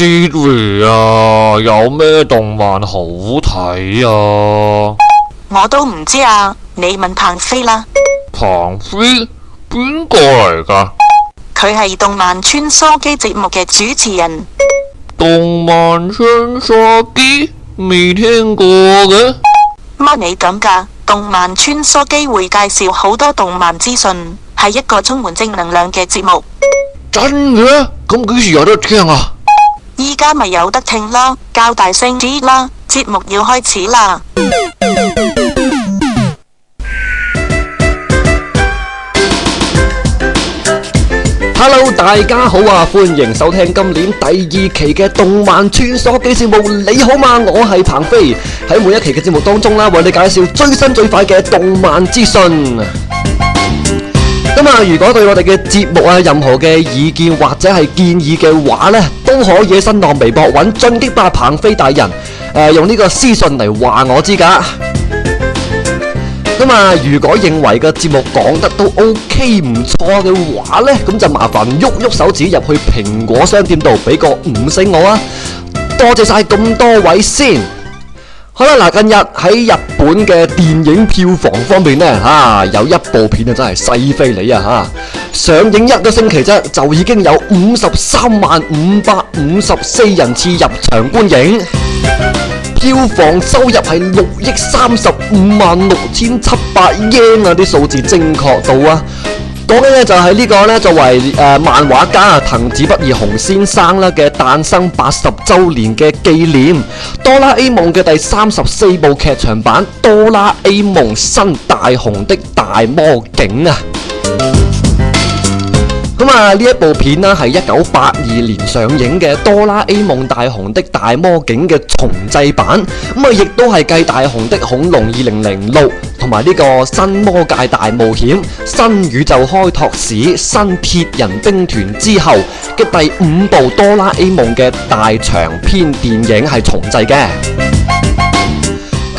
Jerry 啊，有咩動漫好睇啊？我都唔知啊，你問彭飛啦。彭飛邊個嚟噶？佢係動漫穿梭機節目嘅主持人。動漫穿梭機未聽過嘅？乜你咁噶？動漫穿梭機會介紹好多動漫資訊，係一個充滿正能量嘅節目。真嘅？咁幾時有得聽啊？依家咪有得聽咯，教大聲啲啦！節目要開始啦！Hello，大家好啊，歡迎收聽今年第二期嘅動漫穿梭機節目。你好嘛，我係彭飛。喺每一期嘅節目當中啦，為你介紹最新最快嘅動漫資訊。咁啊、嗯！如果對我哋嘅節目啊，任何嘅意見或者係建議嘅話咧，都可以喺新浪微博揾進擊吧鵬飛大人，誒、呃、用呢個私信嚟話我知噶。咁、嗯、啊、嗯嗯，如果認為嘅節目講得都 OK 唔錯嘅話呢，咁就麻煩喐喐手指入去蘋果商店度俾個五星我啊！多謝晒咁多位先。好啦，嗱，近日喺日本嘅電影票房方面咧，吓、啊、有一部片真啊，真係犀飛利啊，吓上映一個星期啫，就已經有五十三萬五百五十四人次入場觀影，票房收入係六億三十五萬六千七百円啊，啲數字精確到啊。講咧就係呢個作為漫畫家藤子不二雄先生嘅誕生八十周年嘅紀念，《哆啦 A 夢》嘅第三十四部劇場版《哆啦 A 夢新大雄的大魔境》呢一部片啦，係一九八二年上映嘅《哆啦 A 夢大雄的大魔境》嘅重製版，咁啊，亦都係繼《大雄的恐龍》二零零六同埋呢個《新魔界大冒險》《新宇宙開拓史》《新鐵人兵團》之後嘅第五部哆啦 A 夢嘅大長篇電影係重製嘅。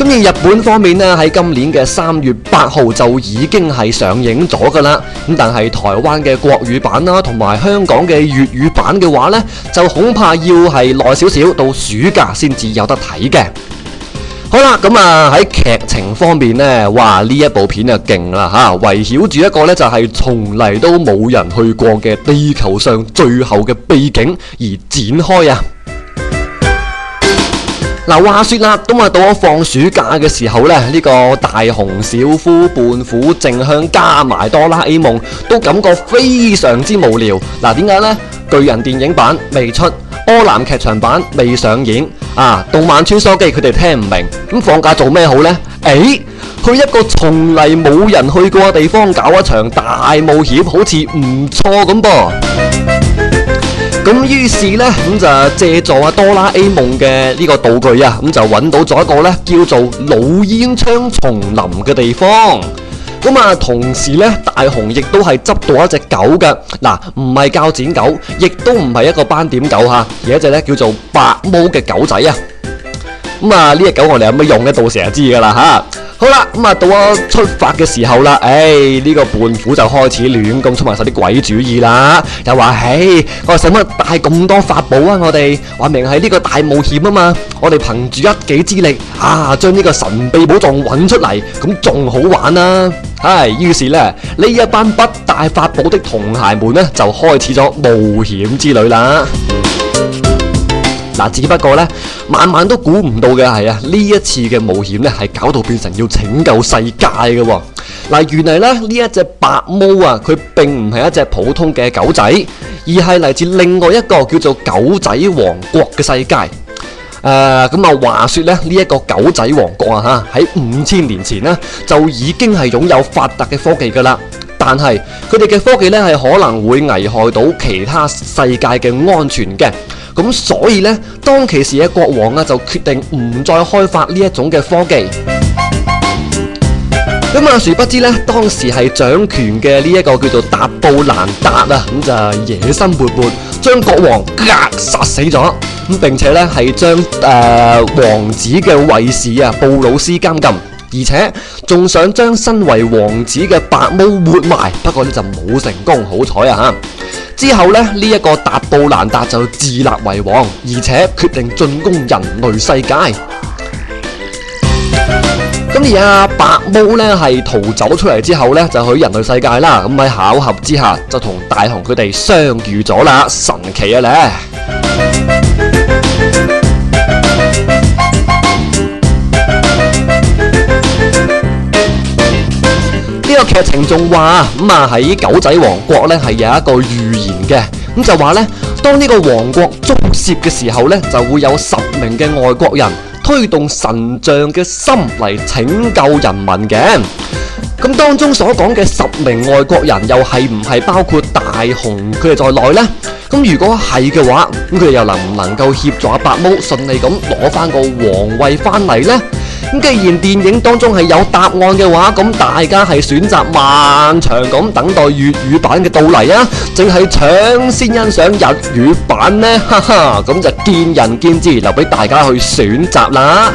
咁而日本方面呢，喺今年嘅三月八號就已經係上映咗噶啦。咁但係台灣嘅國語版啦，啊，同埋香港嘅粵語版嘅話呢，就恐怕要係耐少少，到暑假先至有得睇嘅。好啦，咁啊喺劇情方面呢，哇呢一部片就啊勁啦吓，圍繞住一個呢，就係從嚟都冇人去過嘅地球上最後嘅秘境而展開啊！嗱，話說啦，今日到我放暑假嘅時候呢，呢、呢個大雄、小夫、胖虎正向加埋哆啦 A 夢，都感覺非常之無聊。嗱，點解呢？巨人電影版未出，柯南劇場版未上映，啊，動漫穿梭機佢哋聽唔明。咁放假做咩好呢？誒、欸，去一個從嚟冇人去過嘅地方搞一場大冒險，好似唔錯咁噃。咁於是呢，咁就借助阿哆啦 A 夢嘅呢個道具啊，咁就揾到咗一個呢叫做老煙槍叢林嘅地方。咁啊，同時呢，大雄亦都係執到一隻狗嘅。嗱，唔係鉸剪狗，亦都唔係一個斑點狗吓，而一隻呢叫做白毛嘅狗仔啊。咁啊，呢隻狗我哋有咩用呢？到時就知噶啦吓。好啦，咁啊，到我出發嘅時候啦，誒、哎，呢、這個胖虎就開始亂咁出埋晒啲鬼主意啦，又話：誒，我使乜帶咁多法寶啊？我哋話明係呢個大冒險啊嘛，我哋憑住一己之力啊，將呢個神秘寶藏揾出嚟，咁仲好玩啦，啊。唉、哎，於是呢，呢一班不帶法寶的童鞋們呢，就開始咗冒險之旅啦。嗱，只不過咧，萬萬都估唔到嘅係啊，呢一次嘅冒險咧，係搞到變成要拯救世界嘅喎。嗱，原嚟咧，呢一隻白毛啊，佢並唔係一隻普通嘅狗仔，而係嚟自另外一個叫做狗仔王國嘅世界。誒、呃，咁啊，話說咧呢一、這個狗仔王國啊吓，喺五千年前呢，就已經係擁有發達嘅科技噶啦，但係佢哋嘅科技咧係可能會危害到其他世界嘅安全嘅。咁所以咧，當其時嘅國王啊，就決定唔再開發呢一種嘅科技。咁、嗯、啊，殊不知咧，當時係掌權嘅呢一個叫做達布蘭達啊，咁就野心勃勃，將國王、呃、殺死咗，咁並且咧係將誒、呃、王子嘅衛士啊，布魯斯監禁。而且仲想將身為王子嘅白毛活埋，不過呢就冇成功。好彩啊！吓，之後呢，呢、這、一個達布蘭達就自立為王，而且決定進攻人類世界。咁 而阿、啊、白毛呢，係逃走出嚟之後呢，就去人類世界啦。咁喺巧合之下就同大雄佢哋相遇咗啦，神奇啊咧！ 劇情仲話咁啊，喺狗仔王國呢係有一個預言嘅，咁就話呢當呢個王國遭攝嘅時候呢，就會有十名嘅外國人推動神像嘅心嚟拯救人民嘅。咁當中所講嘅十名外國人又係唔係包括大雄佢哋在內呢？咁如果係嘅話，咁佢哋又能唔能夠協助阿白毛順利咁攞翻個王位翻嚟呢？既然電影當中係有答案嘅話，咁大家係選擇漫長咁等待粵語版嘅到嚟啊，定係搶先欣賞日語版呢，哈哈，咁就見仁見智，留俾大家去選擇啦。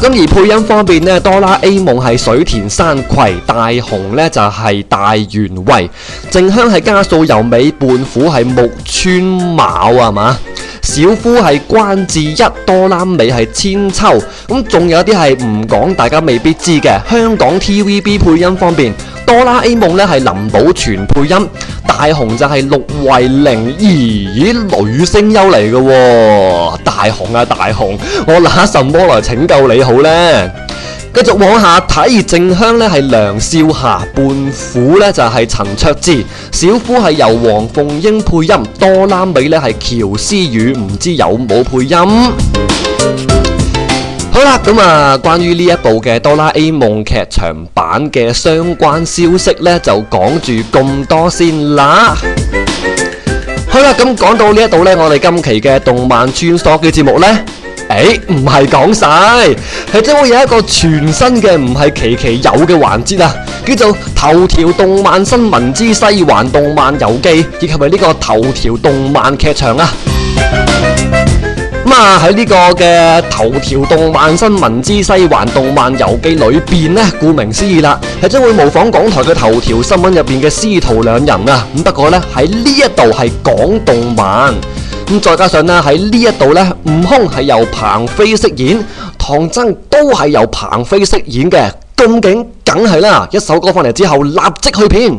咁而配音方面呢，《哆啦 A 夢》係水田山葵，《大雄》呢就係大原惠，《靜香》係加素由美，《胖虎》係木村昴啊嘛，《小夫》係關智一，《哆啦美》係千秋。咁仲有啲係唔講，大家未必知嘅。香港 TVB 配音方面。哆啦 A 夢呢係林保全配音，大雄就係陸惠玲女聲優嚟嘅喎，大雄啊大雄，我拿什麼來拯救你好呢？繼續往下睇，靜香呢係梁少霞，胖虎呢就係陳卓智，小夫係由黃鳳英配音，哆啦美呢係喬思宇，唔知有冇配音。咁啊、嗯，關於呢一部嘅《哆啦 A 夢》劇場版嘅相關消息呢，就講住咁多先啦。好啦，咁 講、嗯嗯、到呢一度呢，我哋今期嘅動漫穿梭嘅節目呢，誒、欸，唔係講晒，係真會有一個全新嘅，唔係期期有嘅環節啊，叫做《頭條動漫新聞之西環動漫遊記》，以及係、這、呢個《頭條動漫劇場》啊。啊！喺呢個嘅頭條動漫新聞之西環動漫遊記裏邊咧，顧名思義啦，係將會模仿港台嘅頭條新聞入邊嘅師徒兩人啊。咁不過呢，喺呢一度係講動漫咁，再加上呢喺呢一度呢，悟空係由彭飛飾演，唐僧都係由彭飛飾演嘅咁勁，梗係啦！一首歌翻嚟之後，立即去片。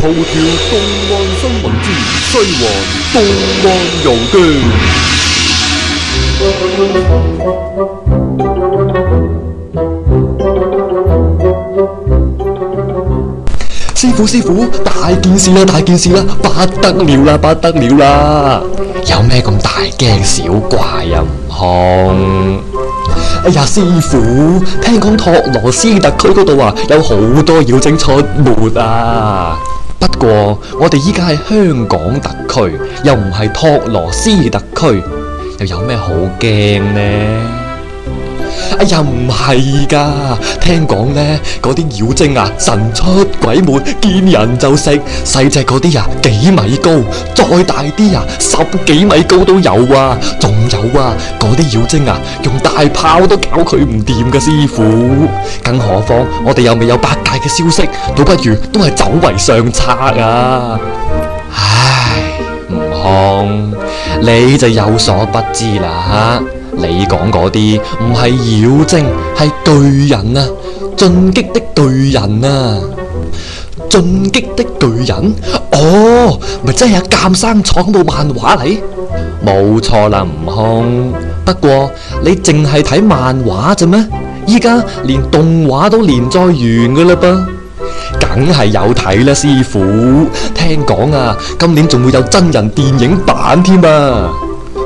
頭條動漫新聞之「西環動漫遊居」，師傅，師傅，大件事啦，大件事啦，不得了啦，不得了啦！有咩咁大驚小怪？唔好，哎呀，師傅，聽講托羅斯特區嗰度啊，有好多妖精出沒啊！不過，我哋依家係香港特區，又唔係托羅斯特區，又有咩好驚呢？哎呀，唔係噶，聽講呢嗰啲妖精啊，神出鬼沒，見人就食。細隻嗰啲啊，幾米高，再大啲啊，十幾米高都有啊。仲有啊，嗰啲妖精啊，用大炮都搞佢唔掂噶，師傅。更何況我哋又未有八戒嘅消息，倒不如都係走為上策啊。唉，悟空，你就有所不知啦。你講嗰啲唔係妖精，係巨人啊！進擊的巨人啊！進擊的巨人？哦，咪真係阿鑑生闖到漫畫嚟？冇錯啦，悟空。不過你淨係睇漫畫咋咩？依家連動畫都連載完噶啦噃。梗係有睇啦，師傅。聽講啊，今年仲會有真人電影版添啊！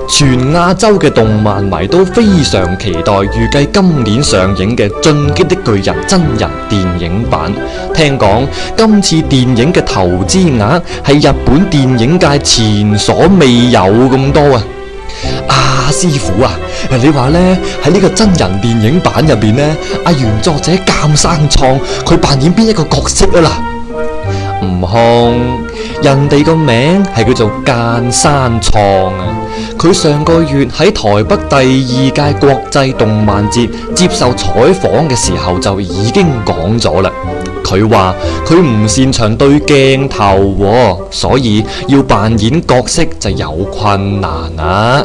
全亞洲嘅動漫迷都非常期待，預計今年上映嘅《進擊的巨人》真人電影版。聽講今次電影嘅投資額係日本電影界前所未有咁多啊！阿、啊、師傅啊，你話呢？喺呢個真人電影版入邊呢，阿原作者諫山創佢扮演邊一個角色啊啦？悟空，人哋個名係叫做間山創啊。佢上個月喺台北第二屆國際動漫節接受採訪嘅時候就已經講咗啦。佢話佢唔擅長對鏡頭，哦，所以要扮演角色，就有困難啊。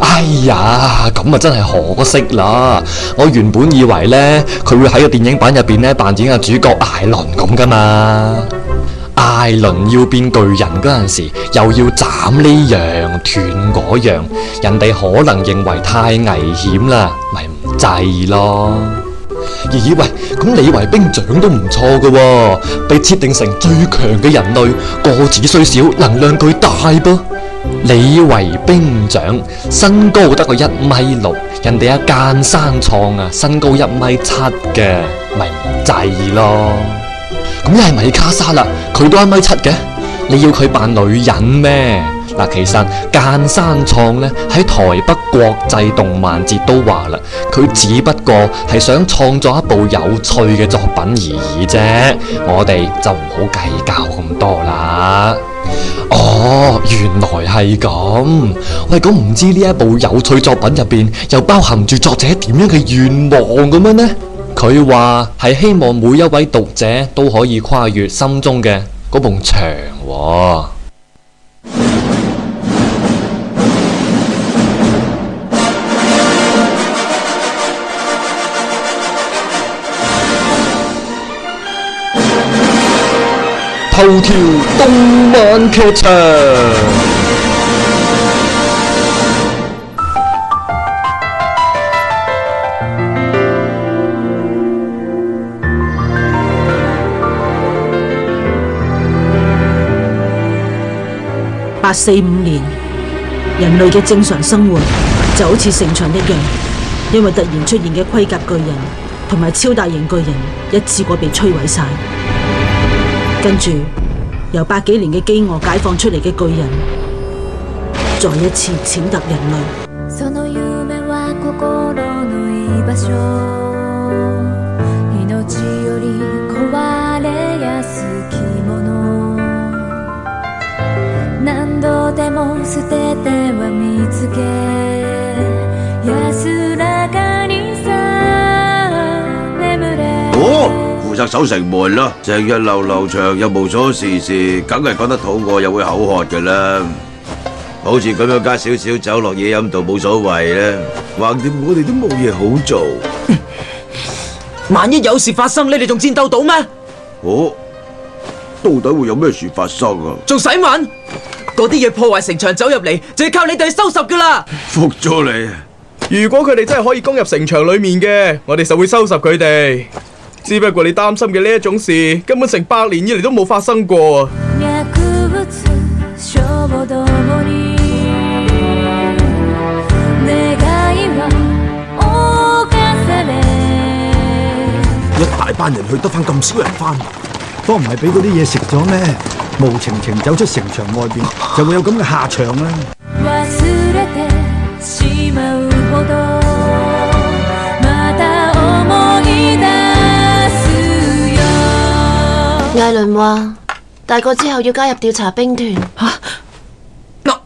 哎呀，咁啊真係可惜啦。我原本以為呢，佢會喺個電影版入邊呢，扮演個主角艾倫咁噶嘛。艾倫要變巨人嗰陣時，又要斬呢樣斷嗰樣，人哋可能認為太危險啦，咪唔制咯。咦喂，咁李維兵長都唔錯噶，被設定成最強嘅人類，個子雖小，能量巨大噃。李維兵長身高得個一米六，人哋一間山創啊身高一米七嘅，咪唔制咯。你係、嗯、米卡莎啦，佢都一米七嘅，你要佢扮女人咩？嗱，其實間山創咧喺台北國際動漫節都話啦，佢只不過係想創作一部有趣嘅作品而已啫，我哋就唔好計較咁多啦。哦，原來係咁。喂，咁唔知呢一部有趣作品入邊，又包含住作者點樣嘅願望咁樣呢？佢話係希望每一位讀者都可以跨越心中嘅嗰埲牆喎。 頭條動漫劇場。四五年，人類嘅正常生活就好似城牆一樣，因為突然出現嘅盔甲巨人同埋超大型巨人，一次過被摧毀晒。跟住，由百幾年嘅飢餓解放出嚟嘅巨人，再一次踐踏人類。負責守城門咯，成日流流長又無所事事，梗係覺得肚餓又會口渴噶啦。好似咁樣加少少酒落嘢飲就冇所謂啦。橫掂我哋都冇嘢好做，萬一有事發生，你哋仲戰鬥到咩？哦，到底會有咩事發生啊？仲使問？嗰啲嘢破壞城牆走入嚟，就係靠你哋去收拾噶啦。服咗你。如果佢哋真係可以攻入城牆裏面嘅，我哋就會收拾佢哋。只不過你擔心嘅呢一種事，根本成百年以嚟都冇發生過，啊。 一大班人去得翻咁少人翻，都唔係俾嗰啲嘢食咗咩？無情情走出城牆外邊，就會有咁嘅下場啦，啊。 艾倫話：大個之後要加入調查兵團。嗱，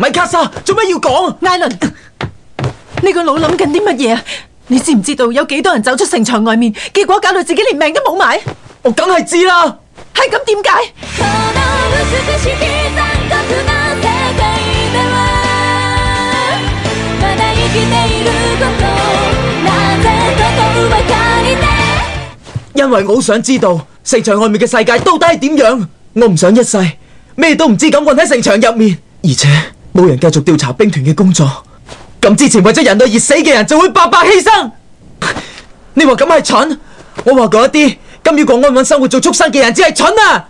米卡莎，做咩要講？艾倫，你個腦諗緊啲乜嘢啊？你知唔知道有幾多人走出城牆外面，結果搞到自己連命都冇埋？我梗係知啦，係咁點解？因為我好想知道。城牆外面嘅世界到底係點樣？我唔想一世咩都唔知咁困喺城牆入面。而且冇人繼續調查兵團嘅工作，咁之前為咗人類而死嘅人就會白白犧牲。你話咁係蠢，我話嗰一啲甘於過安穩生活做畜生嘅人，只係蠢啦。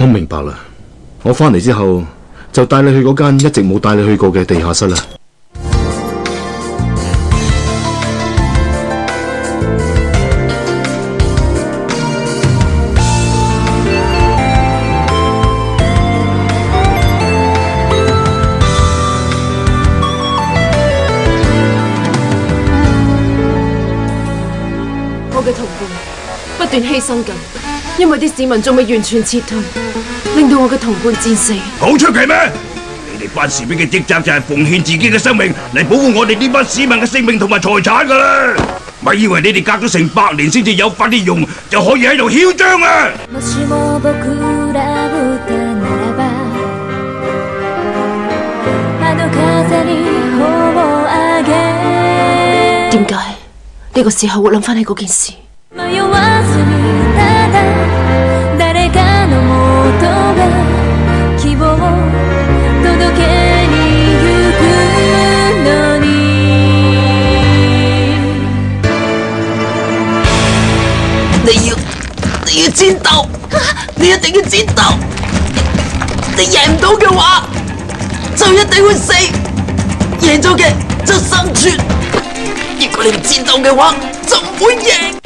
我明白啦，我返嚟之後就帶你去嗰間一直冇帶你去過嘅地下室啦。我嘅同伴不斷犧牲緊，因為啲市民仲未完全撤退。令到我嘅同伴戰死，好出奇咩？你哋班士兵嘅職責就係奉獻自己嘅生命嚟保護我哋呢班市民嘅性命同埋財產噶啦！咪以為你哋隔咗成百年先至有翻啲用，就可以喺度囂張啊！點解呢個時候我諗翻起嗰件事？戰鬥，你一定要戰鬥。你贏唔到嘅話，就一定會死；贏咗嘅就生存。如果你唔戰鬥嘅話，就唔會贏。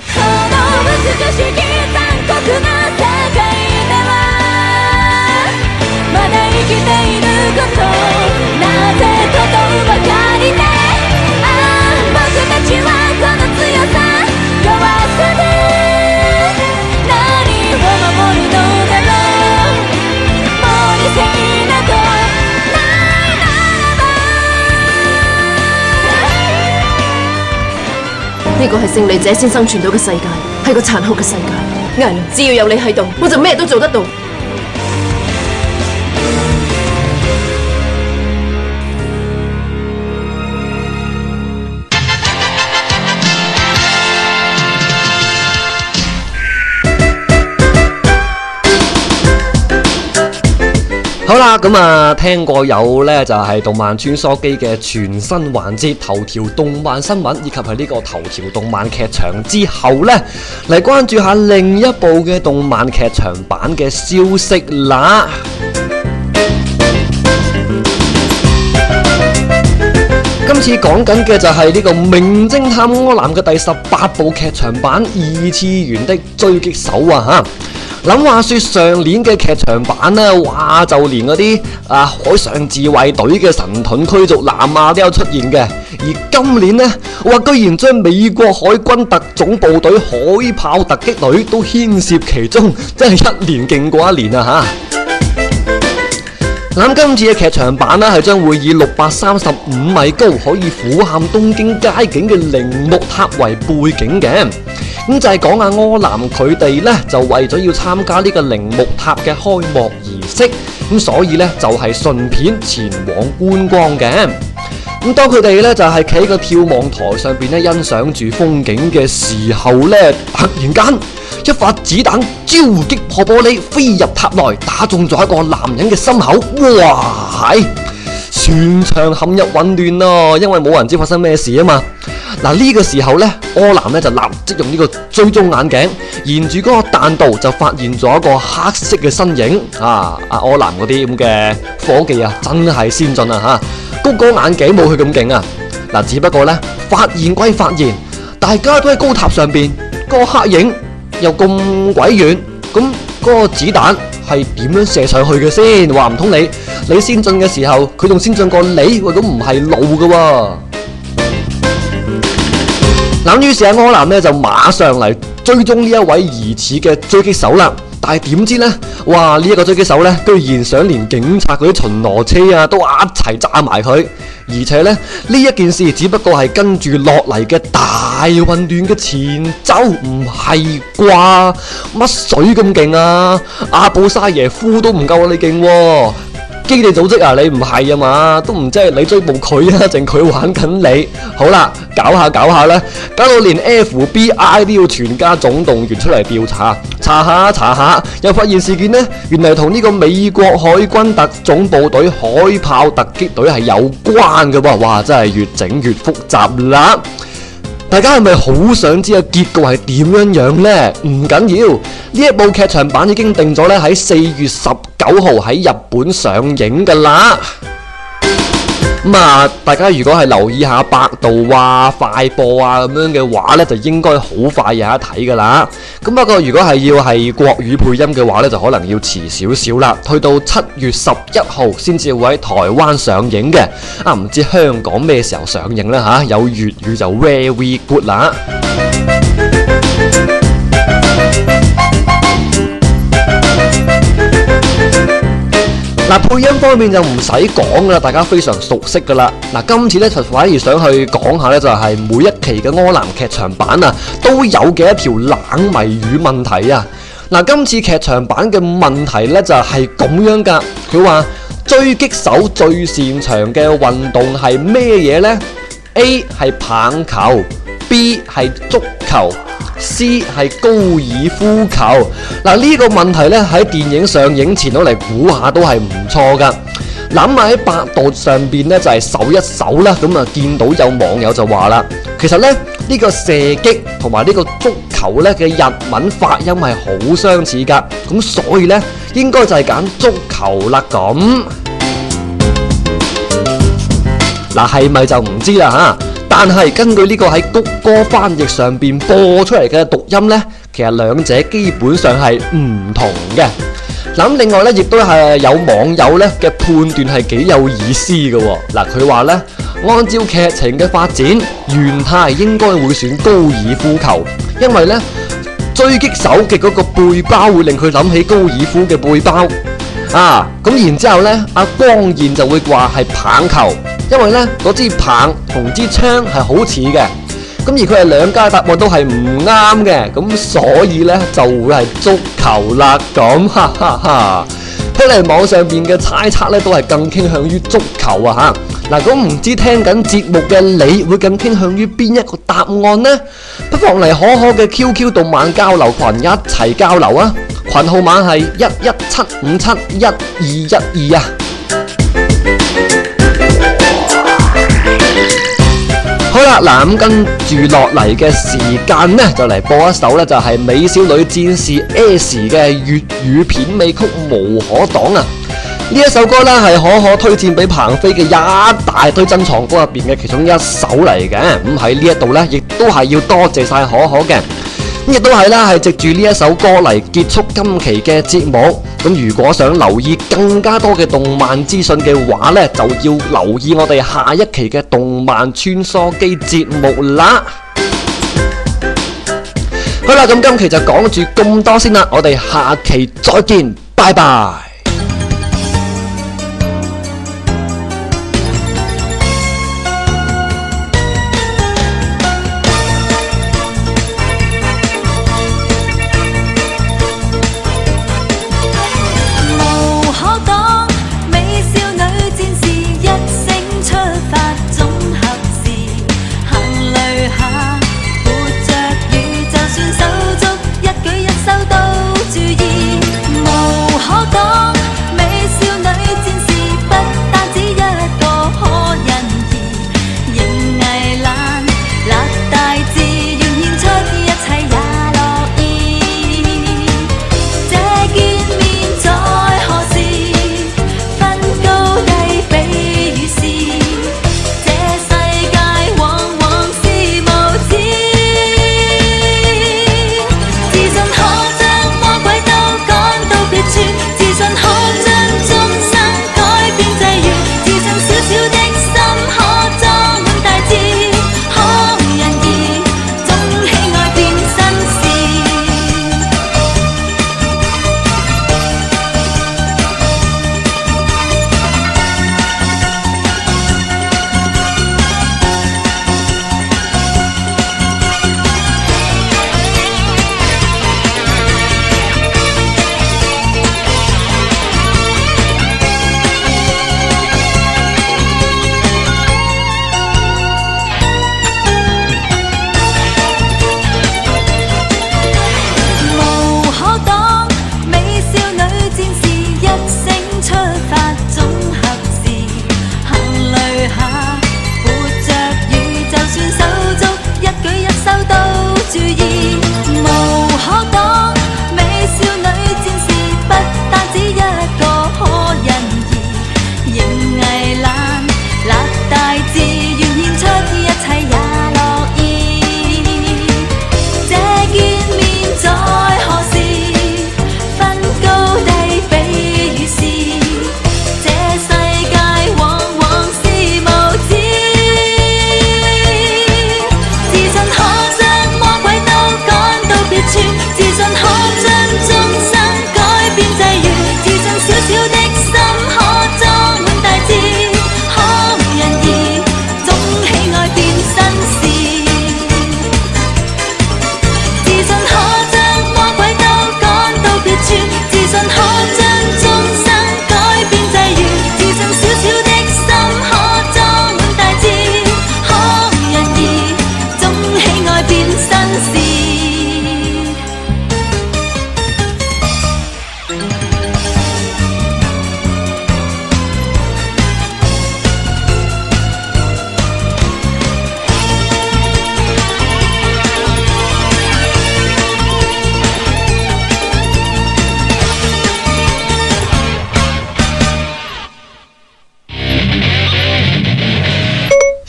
呢個係勝利者先生存到嘅世界，係個殘酷嘅世界。艾龍，只要有你喺度，我就咩都做得到。咁啊，聽過有呢，就係、是《動漫穿梭機》嘅全新環節《頭條動漫新聞》，以及係呢個《頭條動漫劇場》之後呢，嚟關注下另一部嘅動漫劇場版嘅消息啦。今次講緊嘅就係呢個《名偵探柯南》嘅第十八部劇場版《二次元的狙擊手》啊！吓。諗話說上年嘅劇場版呢，哇，就連嗰啲啊海上自衛隊嘅神盾驅逐艦啊都有出現嘅，而今年呢，哇，居然將美國海軍特種部隊海豹突擊隊都牽涉其中，真係一年勁過一年啊吓！諗 今次嘅劇場版呢，係將會以六百三十五米高可以俯瞰東京街景嘅鈴木塔為背景嘅。咁就係講阿柯南佢哋咧，就為咗要參加呢個鈴木塔嘅開幕儀式，咁所以咧就係、是、順便前往觀光嘅。咁當佢哋咧就係、是、企喺個眺望台上邊咧欣賞住風景嘅時候咧，突然間一發子彈招呼擊破玻璃飛入塔內，打中咗一個男人嘅心口。哇！全場陷入混亂囉，因為冇人知發生咩事啊嘛。嗱，呢個時候咧，柯南咧就立即用呢個追蹤眼鏡，沿住嗰個彈道就發現咗一個黑色嘅身影。啊，阿柯南嗰啲咁嘅科技啊，真係先進啊！吓，谷歌眼鏡冇佢咁勁啊。嗱，只不過咧發現歸發現，大家都喺高塔上邊，嗰個黑影又咁鬼遠，咁嗰個子彈係點樣射上去嘅先？話唔通你你先進嘅時候，佢仲先進過你，喂咁唔係路嘅喎。等於是阿柯南咧就馬上嚟追蹤呢一位疑似嘅追擊手啦，但係點知呢？哇！呢、這、一個追擊手呢，居然想連警察嗰啲巡邏車啊都一齊炸埋佢，而且呢，呢一件事只不過係跟住落嚟嘅大混亂嘅前奏，唔係啩？乜水咁勁啊？阿布沙耶夫都唔夠你勁喎、啊！基地組織啊，你唔係啊嘛，都唔知係你追捕佢啊，定佢玩緊你？好啦，搞下搞下啦，搞到連 FBI 都要全家總動員出嚟調查，查下查下，又發現事件呢，原來同呢個美國海軍特種部隊海豹突擊隊係有關嘅噃，哇！真係越整越複雜啦～大家係咪好想知個結局係點樣樣呢？唔緊要，要，呢一部劇場版已經定咗咧，喺四月十九號喺日本上映噶啦。咁啊，大家如果係留意下百度啊、快播啊咁樣嘅話呢，就應該好快有得睇噶啦。咁不過如果係要係國語配音嘅話呢，就可能要遲少少啦。去到七月十一號先至會喺台灣上映嘅。啊，唔知香港咩時候上映呢？吓、啊？有粵語就 Very Good 啦。嗱，配音方面就唔使講啦，大家非常熟悉噶啦。嗱，今次咧就反而想去講下咧，就係每一期嘅柯南劇場版啊都有嘅一條冷謎語問題啊。嗱，今次劇場版嘅問題咧就係、是、咁樣噶，佢話狙擊手最擅長嘅運動係咩嘢呢？A 係棒球，B 係足球。C 係高爾夫球，嗱、啊、呢、呢個問題咧喺電影上映前度嚟估下都係唔錯噶。諗下喺百度上邊咧就係、是、搜一搜啦，咁啊見到有網友就話啦，其實咧呢、呢個射擊同埋呢個足球呢嘅日文發音係好相似噶，咁所以呢，應該就係揀足球啦。咁嗱係咪就唔知啦吓、啊？但係根據呢個喺谷歌翻譯上邊播出嚟嘅讀音呢，其實兩者基本上係唔同嘅。咁另外呢，亦都係有網友呢嘅判斷係幾有意思嘅，哦。嗱，佢話呢，按照劇情嘅發展，元太應該會選高爾夫球，因為呢，追擊手嘅嗰個背包會令佢諗起高爾夫嘅背包。啊，咁然之後咧，阿光彥就會話係棒球。因為呢，嗰支棒同支槍係好似嘅，咁而佢係兩家答案都係唔啱嘅，咁所以呢，就會係足球啦，咁哈哈哈！睇嚟網上面嘅猜測呢都係更傾向於足球啊吓，嗱咁唔知聽緊節目嘅你會更傾向於邊一個答案呢？不妨嚟可可嘅 QQ 動漫交流群一齊交流啊，群號碼係一一七五七一二一二啊！好啦，嗱咁跟住落嚟嘅時間呢，就嚟播一首呢，就係《美少女戰士 S》嘅粵語片尾曲《無可擋》啊！呢一首歌呢，係可可推薦俾彭飛嘅一大堆珍藏歌入邊嘅其中一首嚟嘅，咁喺呢一度呢，亦都係要多謝晒可可嘅。亦都係啦，係藉住呢一首歌嚟結束今期嘅節目。咁如果想留意更加多嘅動漫資訊嘅話呢，就要留意我哋下一期嘅《動漫穿梭機》節目啦。好啦，咁今期就講住咁多先啦，我哋下期再見，拜拜。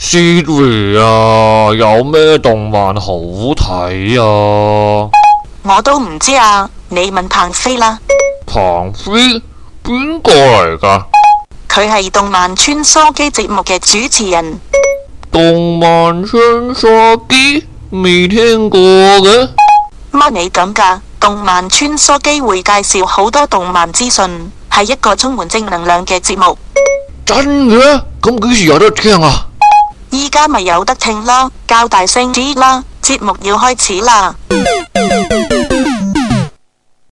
Siri 啊，有咩動漫好睇啊？我都唔知啊，你問彭飛啦。彭飛邊個嚟㗎？佢係動漫穿梭機節目嘅主持人。動漫穿梭機未聽過嘅？乜你咁㗎？動漫穿梭機會介紹好多動漫資訊，係一個充滿正能量嘅節目。真嘅？咁幾時有得聽啊？依家咪有得聽咯，較大聲啲啦，節目要開始啦。